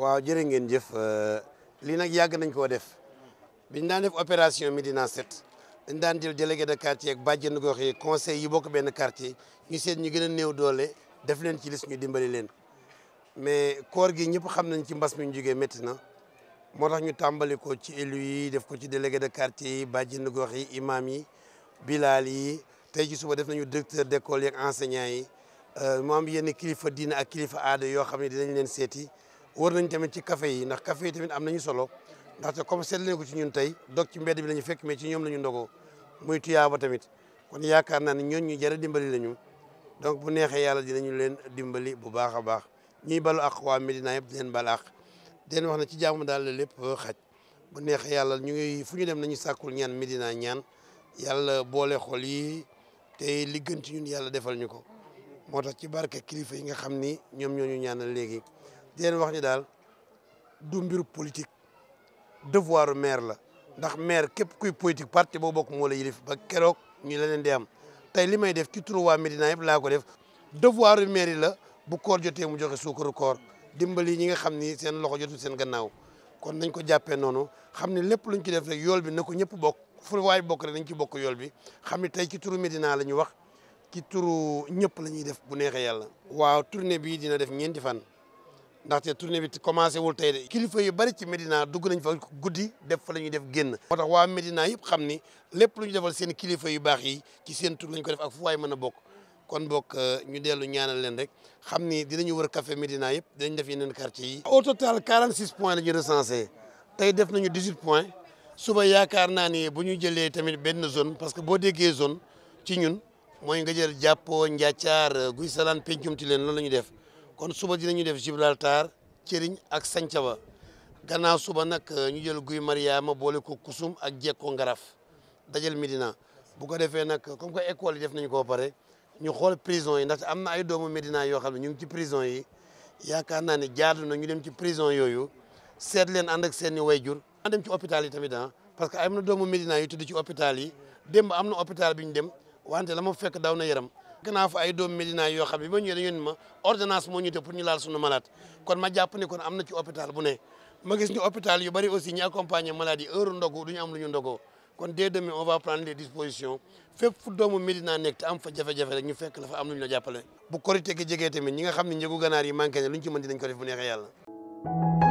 waaw jërë ngeen jëf euh, lii nag yàgg nañ koo def biñ daan def opération Médina 7 dañ daan jël délégué de quartier ak bàjjenu gox yi conseil yi bokk benn quartier ñu ñu gën a néew doole def leen ci liste ñu dimbali leen mais koor gi ñëpp xam nañ ci mbas mi ñu jógee métti na moo tax ñu tàmbali ko ci élu yi def ko ci délégué de quartier yi bàjjenu gox yi imam yi bilaal yi tey ci suba def nañu directeur d'école yi ak enseignant yi euh, moom yenn kilifa diina ak kilifa aada yoo xam ne dinañ leen seeti war nañ tamit ci café yi ndax kafe yi tamit am nañu solo ndaxte comme seet ko ci ñun tey dog ci mbedd bi nañu fekk mais ci ñoom la ñu ndogoo muy tuyaaba tamit kon yaakaar naa ne ñoon ñu jara dimbali lañu donc bu neexee yàlla dinañu leen dimbali bu baax a baax ñuy balu waa Médina yëpp leen balu ak di wax na ci jaamu daal lépp xaj bu neexee yàlla ñu ngi fu ñu dem nañu sàkkul ñaan Médina ñaan yàlla boole xol yi te li gën ñun yàlla defal ñu ko moo tax ci barke kilifa yi nga xam ni ñoom ñoo ñu ñaanal léegi di leen wax ni daal du mbiru politique devoiru maire la ndax maire képp kuy politique parti boo bokk moo la yilif ba keroog ñu leneen di am tey li may def ci turu waa Médina yëpp laa ko def devoiru maire yi la bu koor jotee mu joxe suukaru koor dimbali ñi nga xam ni seen loxo jotu seen gannaaw kon nañ ko jàppee noonu xam ne lépp luñ ci def rek yool bi na ko ñëpp bokk fu waay bokk rek nañ ci bokk yool bi xam ne tey ci turu Médina la ñu wax ci turu ñëpp la ñuy def bu neexee yàlla. waaw tournée bii dina ndaxte tournée bi commencé wul tey de kilifa yu bari ci Médina dugg nañ fa guddi def fa la ñuy def génn moo tax waa Médina yëpp xam ni lépp lu ñu defal seen kilifa yu baax yi ci seen lañ ko def ak fu waay mën a bokk kon bokk euh, ñu dellu ñaanal leen rek xam ni dinañu wër café Médina yëpp dinañ def yeneen quartier yi au total 46 points la ñu recensé tey def nañu 18 points suba yaakaar naa ni bu ñu jëlee tamit benn zone parce que boo déggee zone ci ñun mooy nga jël jàppoo njaacaar guy salaan pencum ti leen loolu la ñu def kon suba dinañu def Gibraltar Cëriñ ak Santhiaba gannaaw suba nag euh, ñu jël Guy Mariama boole ko Kusum ak Jekko Ngaraf dajal Médina bu ko defee nag comme que école yi def nañu ko pare ñu xool prison yi ndaxte am na ay doomu Médina yoo xam ne ñu ngi ci prison yi yaakaar naa ne jaadu na ñu dem ci prison yooyu seet leen ak seen i wayjur an dem ci hôpital yi tamit ah parce que am na doomu Médina yu tëdd ci hôpital yi démb am na hôpital bi dem wante la ma fekk daw na yaram fekk naa fa ay doomu Medina yoo xam ne ba ñëwee dañu ne ma ordonnance moo te pour ñu laal suñu malade kon ma jàpp ne kon am na ci hôpital bu ne ma gis ñu hôpital yu bari aussi ñu accompagner malade yi heure ndogu du ñu am lu ñu ndogoo kon dès doomu Medina nekk te am fa jafe-jafe rek ñu fekk la fa am lu ñu la jàppale bu korite gi jegee tamit ñi nga xam ne njëgu ganaar yi manqué ne lu ñu ci mën dinañ ko def bu neexee